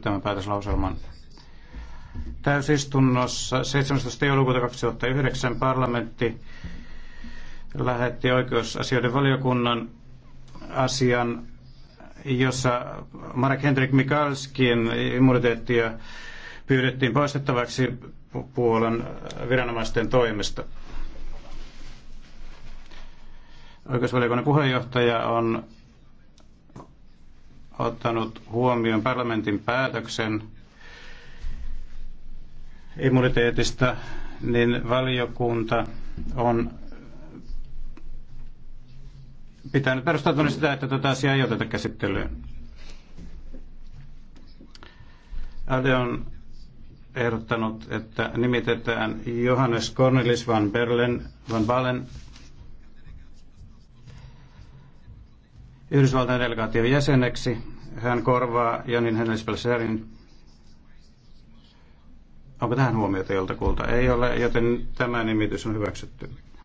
tämän päätöslauselman. Täysistunnossa 17. joulukuuta 2009 parlamentti lähetti oikeusasioiden valiokunnan asian, jossa Marek Hendrik Mikalskin immuniteettia pyydettiin poistettavaksi Puolan viranomaisten toimesta. Oikeusvaliokunnan puheenjohtaja on ottanut huomioon parlamentin päätöksen immuniteetista, niin valiokunta on pitänyt perustautunut sitä, että tätä asiaa ei oteta käsittelyyn. Ade on ehdottanut, että nimitetään Johannes Cornelis van Berlen, van Balen Yhdysvaltain delegaation jäseneksi. Hän korvaa Janin pelserin, Onko tähän huomiota joltakulta? Ei ole, joten tämä nimitys on hyväksytty.